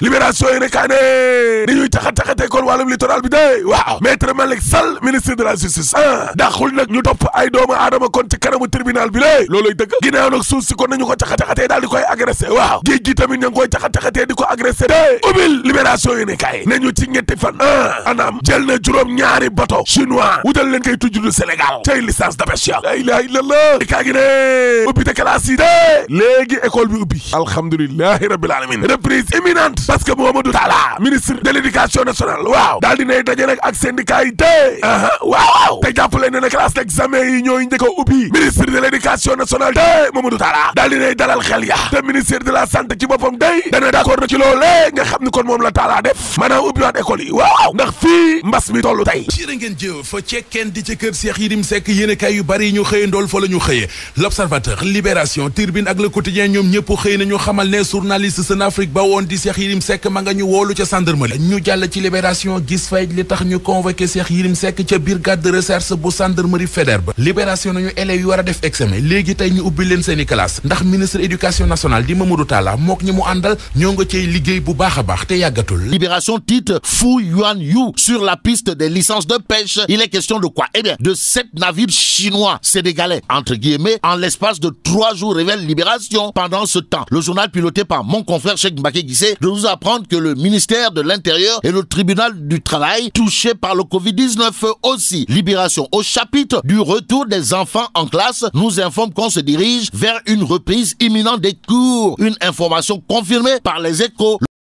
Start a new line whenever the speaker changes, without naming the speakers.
libération yéen a kaane ni ñuy taxa taxate kon wàllum littoral bi de waaw maître Malick Sall ministre de la justice ah daxul nag ñu topp ay doomu aadama kon ci kanamu tribunal bi lée looloy dëgg ginnaaw nag suuf si kon nañu ko taxa taxatee daal di koy agressé waaw géej gi tamit ña ngi koy taxa taxatee di ko agressé de ubil libération yéen a kaay nañu ci ñetti fan ah anaam jël na juróom ñaari bato chinois wutal leen koy tujjudu Sénégal tey licence de pêche ya la ilaha illallah kaa gi ne ubbi te classe yi de léegi école parce que Mamadou Talla ministre de l' nationale waaw daal dinay daje nag ak syndicat yi waaw waaw te jàppale ne na classe d' yi ñooy njëkk a ubbi ministre de l' éducation nationale té
Mamadou Talla daal dinay dalal xel ya
te ministère de la santé ci boppam day dana d' accord na ci loolee
nga xam ni kon moom la Talla def maanaam ubbi waat école yi waaw ndax fii mbas mi tollu tey ci ngeen jëw fa cekkeen di ci kër Cheikh Yirim Seck yu bari ñu xëye ndool fa la ñu xëye l' observateur ñoom ñëpp xëy na ñu xamal ne Yérim Seck ma nga ñu wolu ci gendarmerie ñu jall ci libération gis fay li tax ñu convoquer Cheikh Yirim Seck ci brigade de recherche bu gendarmerie Faidherbe libération nañu élèves yi war def examen légui tay ñu ubbi leen seeni classe ndax ministre éducation nationale di Mamadou Talla mook ñi mu àndal ñoo nga cey liggéey bu baax
a baax te yàggatul libération titre Fou Yuan Yu sur la piste des licences de pêche il est question de quoi eh bien de sept navires chinois sénégalais entre guillemets en l'espace de trois jours révèle libération pendant ce temps le journal piloté par mon confrère Cheikh Mbacké Guissé nous apprendre que le ministère de l'Intérieur et le tribunal du travail touchés par le Covid-19 aussi. Libération au chapitre du retour des enfants en classe nous informe qu'on se dirige vers une reprise imminente des cours. Une information confirmée par les échos.